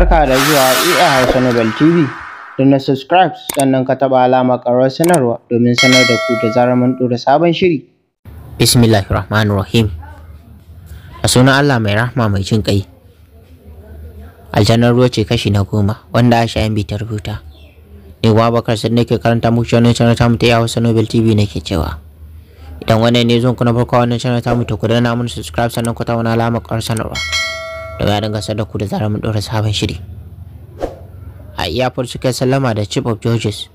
Barka da zuwa EA Hausa Nobel TV. Da na subscribe sannan ka taɓa alama ƙarar sanarwa domin sanar da ku da zarar mun dora sabon shiri. rahim. A sunan Allah mai rahma mai jin kai Aljanar ruwa ce kashi na goma wanda a yan bitar rubuta. Ni wa Bakar sai nake karanta muku wannan channel tamu ta EA Hausa Nobel TV nake cewa. Idan wannan ne zon kuna farko wannan channel tamu to ku danna mun subscribe sannan ku alama ƙarar sanarwa. daga dinga gasar da zarar mun dora sabon shiri a iyafar suka sallama da chief of judges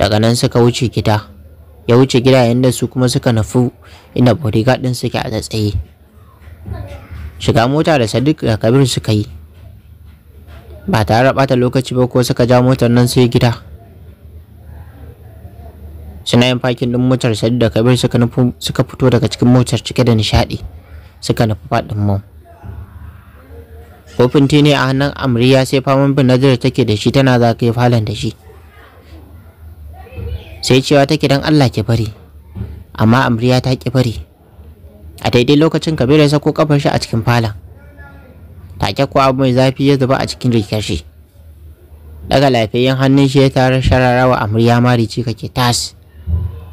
daga nan suka wuce gida ya wuce gida yayin su kuma suka nufi inda bodyguard din suke a tsaye shiga mota da sadiq da kabir suka yi ba tare da bata lokaci ba ko suka ja motar nan sai gida suna yin fakin din motar sadiq da kabir suka fito daga cikin motar cike da nishadi suka nufi faɗin mom kofin ti a hannun amriya sai faman bin nazirar take da shi tana za yi falon da shi sai cewa take don Allah ke bari amma amriya ta ki bari a daidai lokacin kabiru ya sako kafar shi a cikin falon take ko abu mai zafi ya zuba a cikin rigar shi daga lafiyayyen hannun shi ya tare shararawa amriya marici kake tas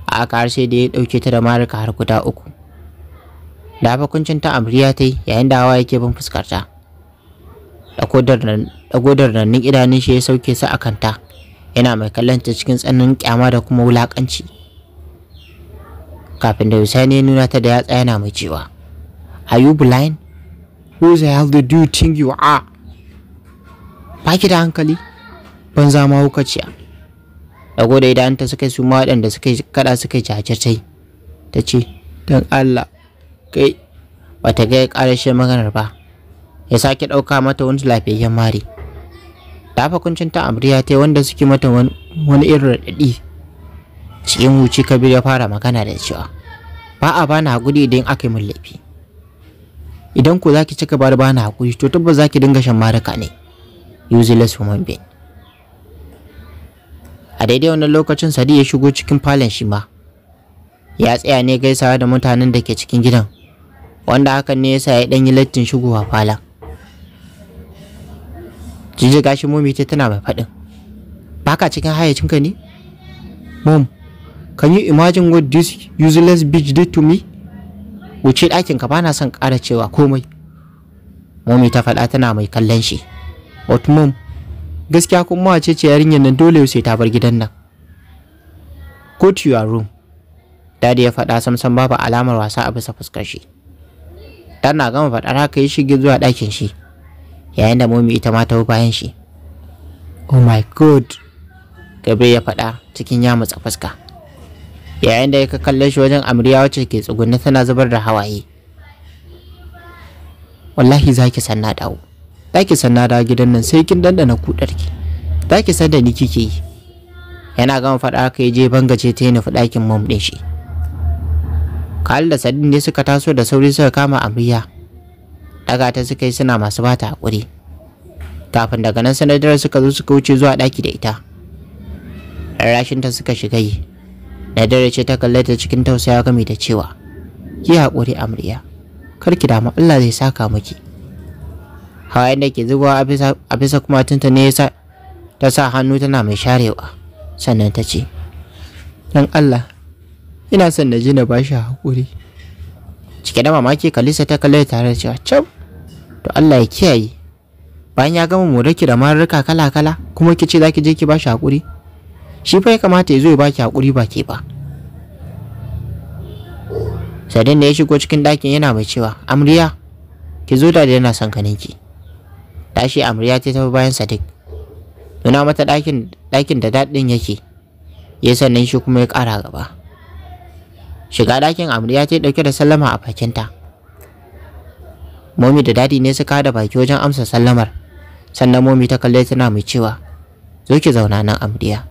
a aka sai da ya dauke ta da marika har guda uku da hukuncin ta amriya ta yi yayin da hawa yake bin fuskarta ɗagodarnannin idanun shi ya sauke su a kanta yana mai kallonta cikin tsananin kyama da kuma wulakanci kafin da Hussein ya nuna ta da yatsa yana mai cewa are you blind who the hell do you think you are ba ki da hankali ban zama hukaciya dago da idanunta suka yi suma waɗanda suka kada suka jajirtai ta ce don Allah kai ba ta ga ya ƙarashe maganar ba ya sake ɗauka mata wani lafiyayyen mari ta fa ta amriya ta wanda suke mata wani irin raɗaɗi cikin huci kabir ya fara magana da cewa ba a bani hakuri idan aka yi min laifi idan ku zaki cika bar bani hakuri to tabbas zaki dinga shan maraka ne useless woman being a daidai wannan lokacin sadi ya shigo cikin falon shi ma ya tsaya ne gaisawa da mutanen da ke cikin gidan wanda hakan ne yasa ya ɗan yi lattin shigowa falon jiji gashi momi ta tana mai faɗin ba ka cikin hayyacinka ne mom can you imagine what this useless bitch did to me wuce ɗakin ba na son ƙara cewa komai momi ta faɗa tana mai kallon shi but mom gaskiya kuma wace ce yarinyar nan dole sai ta bar gidan nan go to your room dadi ya faɗa samsam babu alamar wasa a bisa fuskar shi tana gama faɗar haka ya shige zuwa ɗakin shi yayin da momi ita ma ta bayan shi oh my god gabe ya faɗa cikin ya matsa fuska yayin da ya kalle shi wajen amriya wacce ke tsugunne tana zubar da hawaye wallahi zaki san na dawo zaki san na dawo gidan nan sai kin dandana Za zaki san da ni kike yi yana gama faɗa ka ya je bangace ta yi nufi ɗakin mom ɗin shi Khalid da Sadin ne suka taso da sauri suka kama Amriya daga ta suka yi suna masu bata hakuri kafin daga nan sanadar suka zo suka wuce zuwa daki da ita rashin ta suka shiga yi dare ce ta kalle ta cikin tausayawa game da cewa ki hakuri amriya kar ki damu Allah zai saka miki hawayen da ke zubawa a bisa kuma tunta ne yasa ta sa hannu tana mai sharewa sannan ta ce Dan Allah ina son na ji na bashi haƙuri cike da mamaki kalisa ta kalle tare da cewa can to Allah ya kiyaye bayan ya gama ki da mararka kala-kala kuma ki ce za ki je ki ba shi haƙuri shi fa ya kamata ya zo ya ki haƙuri ba ke ba sadin da ya shigo cikin ɗakin yana mai cewa amriya ki zo da yana son ka ki tashi amriya ta tafi bayan sadiq nuna mata ɗakin ɗakin da daɗin yake ya sannan shi kuma ya ƙara gaba shiga ɗakin amriya ta ɗauke da sallama a bakinta momi da dadi ne suka da baki wajen amsa sallamar sannan momi ta kalle tana mai cewa zo ki zauna nan amdiya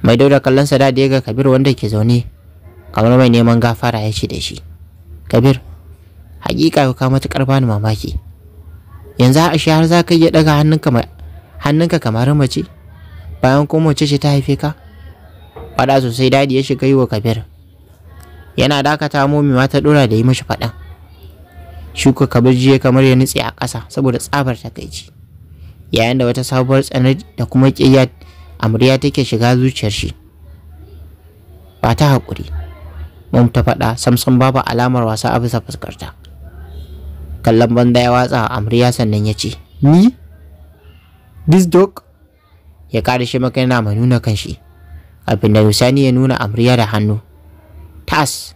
mai dauda kallon sa dadi ga kabir wanda ke zaune kamar mai neman gafara ya ce da shi kabir hakika ka matukar bani mamaki yanzu a shi har za ka iya daga hannunka mai hannunka kamar mace bayan kuma mace ce ta haife ka faɗa sosai dadi ya shiga yi wa kabir yana dakata momi ma ta dora da yi mashi faɗan. shuka kabeji kamar ya nutse a ƙasa saboda tsabar takaici yayin da wata sabuwar tsanar da kuma ƙiyya amarya take shiga zuciyar shi ba ta haƙuri mun ta faɗa samson babu alamar wasa a bisa fuskarta kallon Banda ya watsa amarya sannan ya ce ni this dog ya kare shi maka yana mai nuna kanshi abin da Yusani ya nuna amarya da hannu tas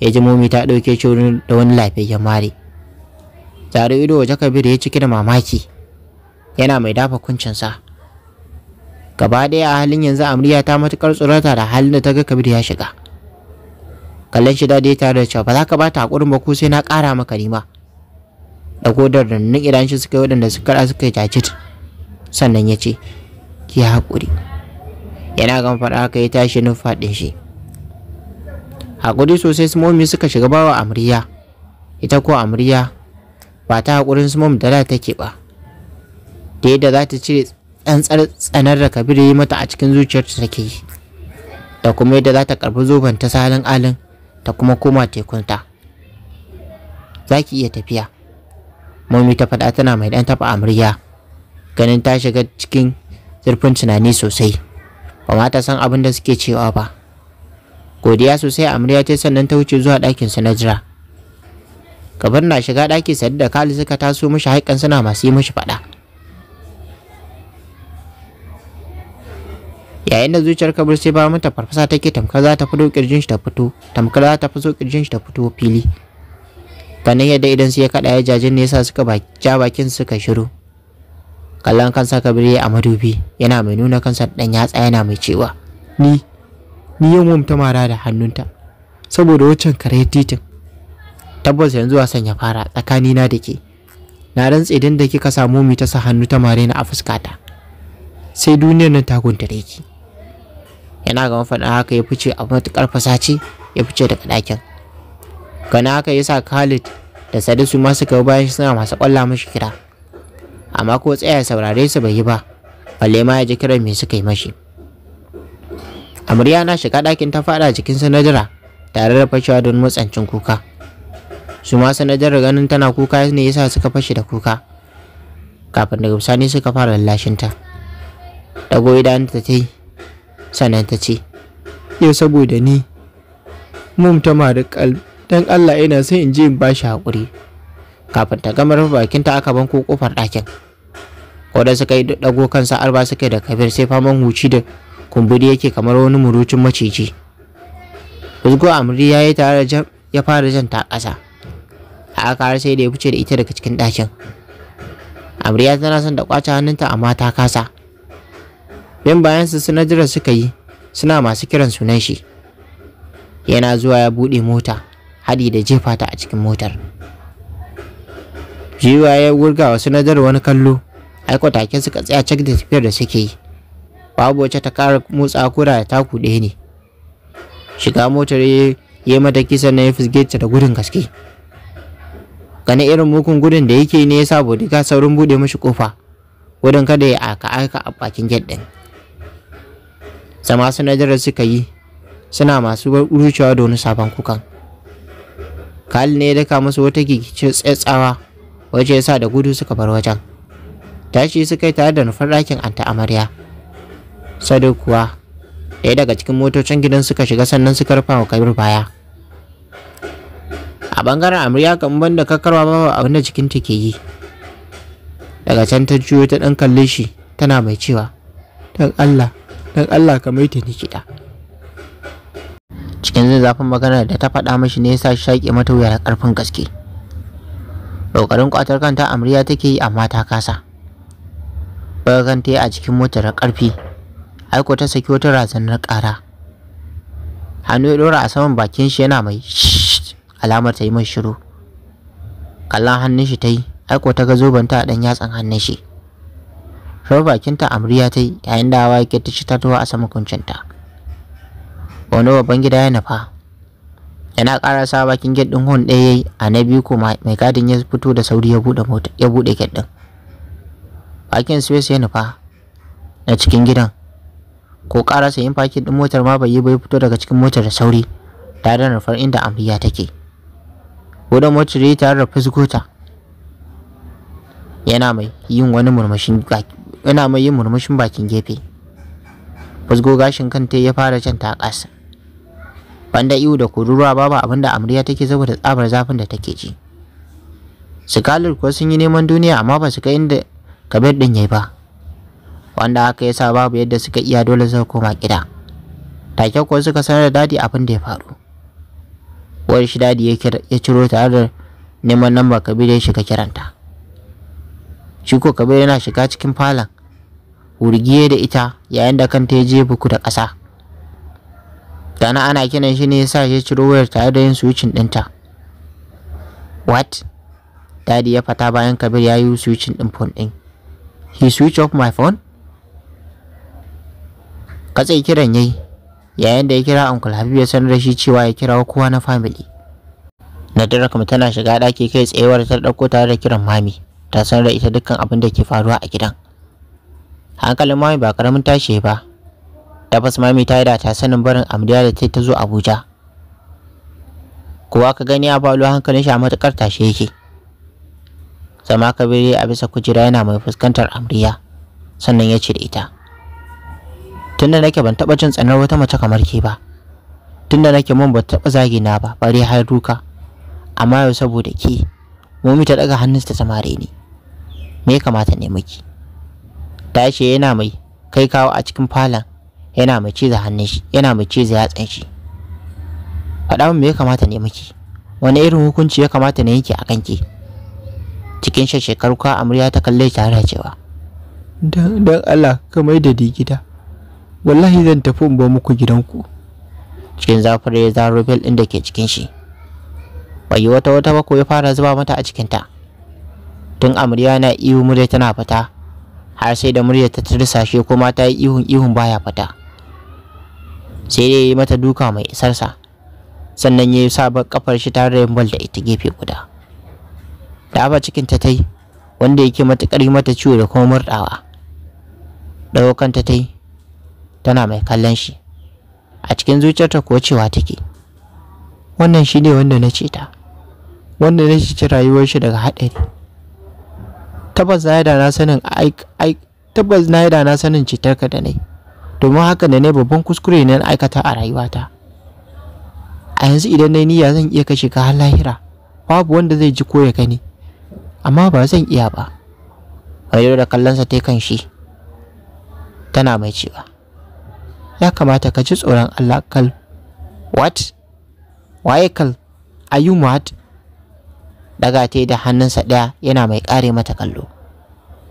ya ji momi ta ɗauke shi da wani lafiyayyen mare Tare ido waje kabir ya cike da mamaki yana mai dafa kuncinsa gaba ɗaya a halin yanzu amriya ta matukar tsorata da halin da ta ga kabir ya shiga kallon shi da ya tare da cewa ba za ka ba ta ba ko sai na ƙara maka nima da godar da nan idan shi suka yi waɗanda suka kara suka yi jajit sannan ya ce ki haƙuri yana gan faɗa haka ya tashi nufaɗin shi haƙuri sosai su momi suka shiga bawa amriya ita ko amriya ba ta haƙurin su mom da da take ba da yadda za ta cire tsantsar tsanar da kabiru yi mata a cikin zuciyarta take yi da kuma yadda za ta karbi zoben ta salin alin ta kuma koma tekunta za ki iya tafiya mami ta faɗa tana mai ɗan taɓa amarya ganin ta shiga cikin zurfin tunani sosai ba ma ta san abin da suke cewa ba godiya sosai amarya ta sannan ta wuce zuwa ɗakinsu na jira kabar na shiga ɗaki sayar da kali suka taso mishi haikan suna masu yi mishi faɗa yayin da zuciyar kabir sai ba mata farfasa take tamkar za ta fito kirjin shi ta fito tamkar za ta fito kirjin shi ta fito fili ganin yadda idan sai ya kada ya jajin ne yasa suka ja bakin suka shiru kallon kansa kabir ya a madubi yana mai nuna kansa dan yatsa yana mai cewa ni ni yan wamta mara da hannunta saboda wancan, kare titin tabbas yanzu wasan ya fara tsakanina da ke na rantse idan da kika samu mi ta sa hannu ta mare na a fuskata sai duniyar nan ta guntare ki yana ga mafaɗa haka ya fice a matuƙar ce ya fice daga ɗakin gana haka ya sa khalid da sadisu ma suka bayan suna masu ƙwalla mashi kira amma ko tsaya saurare su bai yi ba balle ma ya ji kiran me suka yi mashi amarya na shiga ɗakin ta faɗa jikinsa na tare da fashewa don matsancin kuka su ma sanadar ganin tana kuka ne yasa suka fashe da kuka kafin daga bisani suka fara lallashinta goyi da ta yi sannan ta ce yau saboda ni mum ta ma da dan Allah ina sai in ji in ba shi haƙuri kafin ta gama rufe ta aka banko kofar ɗakin ko da suka yi dago kansa ba suka da kabir sai faman huci da kumburi yake kamar wani murucin maciji Uzgo Amri ya yi tare ya fara jan ta ƙasa. a aka har sai da ya fice da ita daga cikin ɗakin amriya tana son da kwace hannunta amma ta kasa bin bayan su suna jira suka yi suna masu kiran sunan shi yana zuwa ya buɗe mota hadi da jefa ta a cikin motar jiwa ya gurga wasu nadar wani kallo aiko take suka tsaya cak da tafiyar da suke yi babu wacce ta kara motsa kura da taku ɗaya ne shiga motar ya yi mata kisan na ya fisge da gudun gaske gane irin mukun gudun da yake ne yasa Bodiga saurin bude mashi kofa gudun kada ya aka aika a bakin gate din sama sanadarar suka yi suna masu rucewa da wani sabon kukan Kali ne ya daka musu wata gigice tsetsawa wacce yasa da gudu suka bar wajen tashi suka yi tare da nufar ɗakin anta amarya sadu kuwa ɗaya daga cikin motocin gidan suka shiga sannan suka rufa wa kabir baya a bangaren amurya kan banda kakarwa babu abin da cikin ke yi daga can ta juyo ta ɗan kalle shi tana mai cewa dan allah dan allah ka maita ni cikin zai zafin maganar da ta faɗa mashi ne sa shaƙe mata wuya da ƙarfin gaske ƙoƙarin kwatar kanta amurya take yi amma ta kasa bayan ta yi a cikin motar ƙarfi aiko ta saki wata razanar ƙara hannu ya ɗora a saman bakin shi yana mai shi alamar ta yi mai shiru kallon hannun shi ta yi aiko ta ga ta a ɗan yatsan hannun shi rawar bakinta amriya ta yi yayin da hawa yake ta ci tuwa a saman kuncinta wani babban gida ya nufa yana ƙara sa bakin gate hon ɗaya yayi a na biyu kuma mai gadin ya fito da sauri ya buɗe mota bakin space ya nufa na cikin gidan ko ƙara sayin fakin ɗin motar ma bai yi bai fito daga cikin motar da sauri tare da nufar inda amriya take Hudan wacce tare da fuskota yana mai yin wani murmushin yana mai yin murmushin bakin gefe fusgo gashin kan kanta ya fara can ta ƙasa banda iwu da kururuwa babu abinda amarya take saboda tsabar zafin da take ji sikalir kuwa sun yi neman duniya amma ba su kai inda kabir din yayi ba wanda haka sa babu yadda suka iya dole zai koma gida take kuwa suka sanar da dadi abin da ya faru Wani shi dadi ya ciro tare da neman namba kabiru ya shiga kiranta shi ko kabiru yana shiga cikin falon wurgiye da ita yayin da kanta ya je buku da ƙasa dana ana kiran shi ne ya sa ya ciro wayar tare da yin switching ɗinta what dadi ya fata bayan Kabiru ya yi switching ɗin phone ɗin he switch off my phone katse kiran yayi yayin da ya kira Uncle Habib ya sanar da shi cewa ya kira kowa na family. Nadira kuma tana shiga daki kai tsayewar ta dauko tare da kiran mami ta sanar da ita dukkan abin da ke faruwa a gidan. Hankalin mami ba karamin tashi ba. Tabbas mami ta yi da ta sanin barin Amdiya da ta ta zo Abuja. Kowa ka gani a balo hankalin shi a matuƙar tashe yake. Sama kabiri a bisa kujera yana mai fuskantar Amriya sannan ya ce da ita. tunda nake ban taɓa jin tsanar wata mace kamar ke ba tunda nake mun ba taba zagi na ba bare har duka amma yau saboda ke momi ta daga hannun ta samari ni me ya kamata ne miki tashi yana mai kai kawo a cikin falon yana mai za hannun shi yana mai yatsan shi faɗa min me ya kamata ne miki wani irin hukunci ya kamata ne yake a kanki cikin shekaru ka amarya ta kalle tare a cewa dan Allah ka mai da digida wallahi zan tafi in ba muku gidanku cikin zafin ya zaro bel ɗin da ke cikin shi bai wata wata ba ko ya fara zuba mata a cikinta tun amarya na ihu murya tana fita har sai da murya ta shi kuma ta yi ihun ihun baya fata. sai dai yi mata duka mai isarsa sannan ya yi sabon kafar shi tare da bal da ita gefe guda da aba cikin ta tai wanda yake yi mata ciwo da kuma murdawa Ɗaukanta kanta tai tana mai kallon shi a cikin zuciyarta kuwa cewa take wannan shi ne wanda na ce ta. wanda na ce rayuwar shi daga haɗari tabbas na yada na sanin tabbas na yada na sanin ka da nai domin haka da nai babban kuskure ne na aikata a rayuwata a yanzu idan na niyya zan iya kashe ka har lahira babu wanda zai ji ko ya gani amma ba zan iya ba yau da kallonsa ta kan shi tana mai cewa ya kamata ka ji tsoron Allah kal what waye kal are you mad daga ta da hannunsa ɗaya yana mai ƙare mata kallo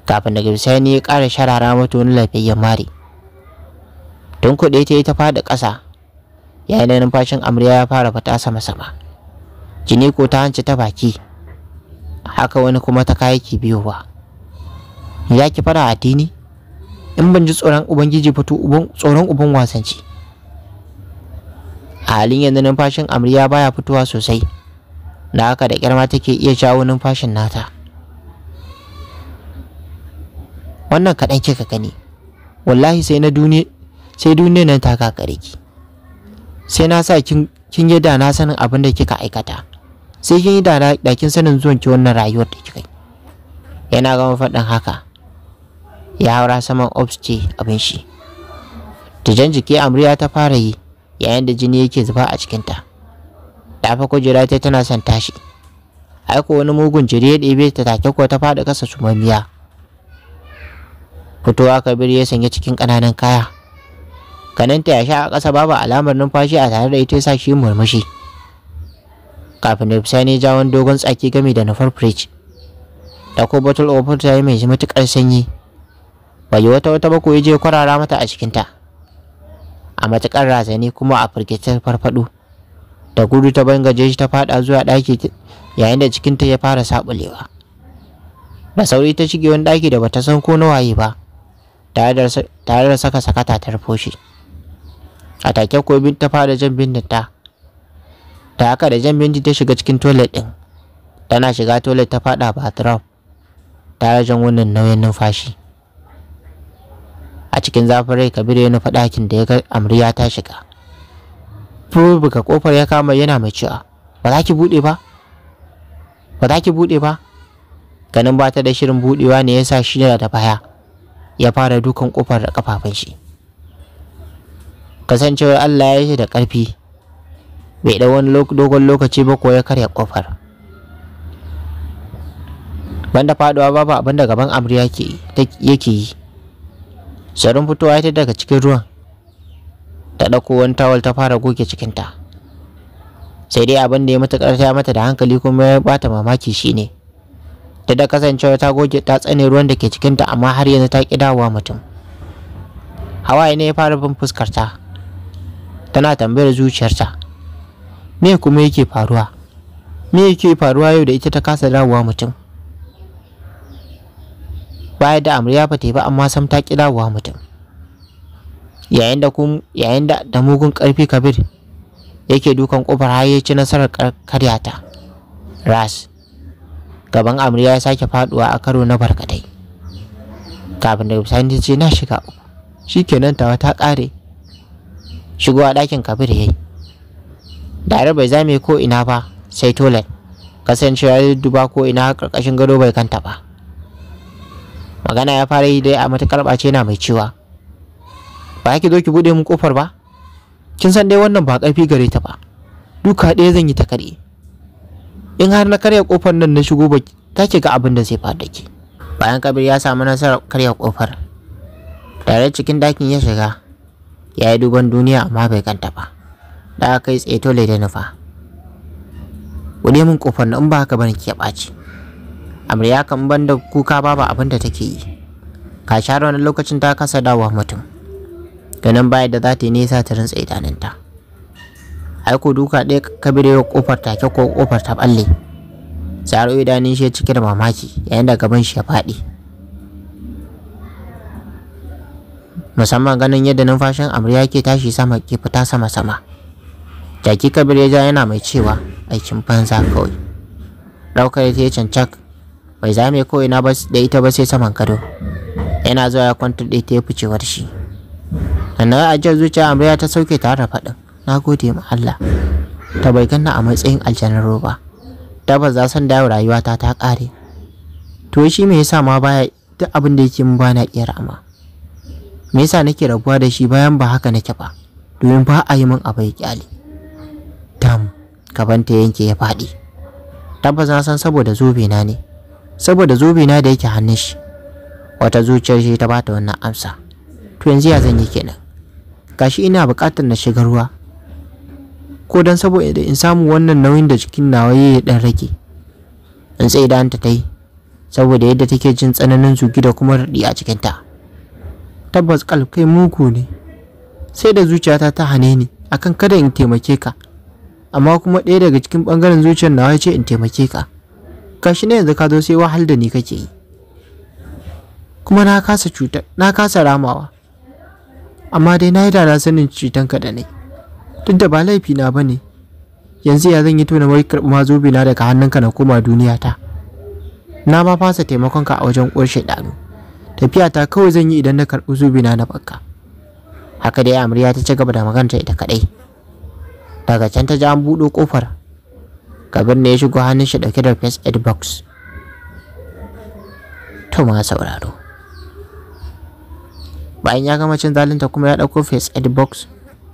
kafin daga bisani ya ƙara sharara mata wani lafiyayyen mari tun kuɗe ta yi ta faɗi ƙasa yayin da numfashin amarya ya fara fita sama-sama jini ko ta hanci ta baki haka wani kuma ta kayaki biyowa ya ki fara addini in ban ji tsoron ubangiji fito tsoron uban wasanci a halin yanzu numfashin amarya baya fitowa sosai da haka da kyar ma take iya shawo numfashin nata wannan kaɗan kika gani wallahi sai na duniya sai duniya nan ta kakare ki sai na sa kin kin yi da na sanin abin da kika aikata sai kin yi da da kin sanin zuwan ki wannan rayuwar da kika yana gama faɗin haka ya haura saman ce abin shi da jiki amriya ta fara yi yayin da jini yake zuba a cikinta ta fa kujera ta tana son tashi ko wani mugun jiri ya ɗebe ta take ko ta faɗi ƙasa sumamiya fitowa kabir ya sanya cikin ƙananan kaya kananta ya sha a ƙasa babu alamar numfashi a tare da ita ya sa shi murmushi kafin da bisani jawon dogon tsaki game da nufar fridge da ko bottle of water mai matuƙar sanyi bai wata wata ba ko je kwarara mata a cikinta a matuƙar razani kuma a firgice farfaɗo da gudu ta bangaje shi ta faɗa zuwa ɗaki yayin da cikinta ya fara saɓulewa da sauri ta shige wani ɗaki da bata san ko na waye ba tare da saka sakata ta rufo shi a take ko ta fara jan bindin ta da haka da jan bindi ta shiga cikin toilet ɗin tana shiga toilet ta faɗa bathroom ta jan wannan nauyin numfashi a cikin zafin rai kabir ya nufa ɗakin da ya ga amarya ta shiga buga kofar ya kama yana mai cewa ba za ki buɗe ba ba za ki buɗe ba ganin ba ta da shirin buɗewa ne ya sa shi da baya ya fara dukan kofar da kafafun shi kasancewar Allah ya yi da ƙarfi bai da wani dogon lokaci ba ko ya karya kofar banda faduwa babu abin da gaban amriya yake yi Sarin fitowa ita daga cikin ruwan ta ɗauko wani tawal ta fara goge cikinta. Sai dai abin da ya matuƙar ta mata da hankali kuma ya bata mamaki shine ta da kasancewa ta goge ta tsane ruwan da ke cikinta amma har yanzu ta ƙi dawowa mutum. Hawaye ne ya fara bin fuskarta tana tambayar zuciyarta me kuma yake faruwa me yake faruwa yau da ita ta kasa dawowa mutum bayar da amarya ba ta ba amma sam ta kira dawowa mutum yayin da kun yayin da da mugun karfi kabir yake dukan ƙofar har ya ci nasarar karyata ras gaban amarya ya sake faduwa a karo na barkatai kafin da bisani ce na shiga uku shikenan tawa ta ƙare shigowa ɗakin kabir yayi dare bai zame ko ina ba sai tolan kasancewa ya duba ko ina karkashin gado bai kanta ba magana ya fara yi dai a matakar ɓace na mai cewa ba yake zo ki buɗe mun kofar ba kin san dai wannan ba ƙarfi gare ta ba duka ɗaya zan yi ta karye in har na karya kofar nan na shigo ba ta ke ga abin da zai faɗa ki bayan kabir ya samu nasarar karya kofar tare cikin ɗakin ya shiga ya yi duban duniya amma bai ganta ba da aka yi tsaye tole da nufa wani mun kofar nan ba haka bane ke ɓaci amarya kan banda kuka babu abin da take yi ka share wani lokacin ta kasa dawowa mutum ganin baya da za ta yi nesa ta rinsa idanunta ai ko duka ɗaya kabirewa kofar take ko kofar ta balle tsaro idanun shi ya cike da mamaki yayin da gaban shi ya faɗi musamman ganin yadda numfashin amarya ke tashi sama ke fita sama sama jaki kabir ya ja yana mai cewa aikin banza kawai ɗaukar ta yi cancak bai za ko na ba da ita ba sai saman kado yana zuwa ya kwantar da ita ya ficewar shi a ajiyar zuciya amriya ta sauke tare da faɗin na gode ma Allah ta bai ganna a matsayin aljanar roba tabbas za san dawo rayuwa ta ta ƙare to shi me yasa ma baya duk abin da yake min ba na iya rama me yasa nake rabuwa da shi bayan ba haka nake ba domin ba a yi min abai kyali tam kabanta yanke ya faɗi tabbas na san saboda zobe na ne saboda na da yake hannun shi wata zuciyar shi ta bata wannan amsa to yanzu ya zan yi kenan gashi ina buƙatar na shiga ruwa ko dan saboda in samu wannan nauyin da jikin nawa ya dan rage in sai da ta tai saboda yadda take jin tsananin zugi da kuma raɗi a cikin ta tabbas kalkai muku ne sai da zuciyata ta hane ni akan kada in taimake ka amma kuma ɗaya daga cikin ɓangaren zuciyar nawa ya ce in taimake ka gashi ne yanzu ka zo sai wahal da ni kake yi kuma na kasa cutar na kasa ramawa amma dai na yi da sanin ka da duk da ba laifi na bane yanzu ya zan yi tona wai karɓi ma zobe na daga hannunka na koma duniya ta na ma fasa taimakon ka a wajen ƙwar shaidanu tafiya ta kawai zan yi idan na karɓi zobe na na bakka haka dai amarya ta ci gaba da maganta ita kaɗai daga can ta ji an buɗo ƙofar Ka da ya shigo hannun shi dauke da face aid box to ma sauraro bayan ya gama cin zalinta kuma ya dauko face aid box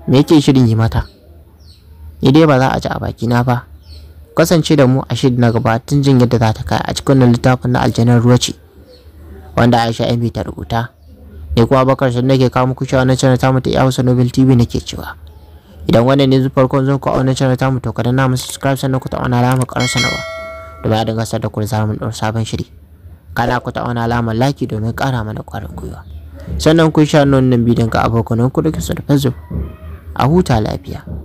me yake shirin yi mata ni dai ba za a ci a baki na ba kasance da mu a shirin na gaba tun jin yadda za ta kai a cikin littafin na aljanar ruwa ce wanda Aisha Ambi ta rubuta ne kuma bakar sun nake kawo muku shawara na channel ta mu ta Hausa Nobel TV nake cewa idan wannan ne farkon zan ku auna channel tamu to kada na mu subscribe sannan ku ta auna alamar ƙarar sanarwa domin a dinga da ku da samun ɗaura sabon shiri kada ku ta auna alamar laki domin kara mana ƙwarin gwiwa sannan ku sha nan bidiyon ga abokanan ku da su da a huta lafiya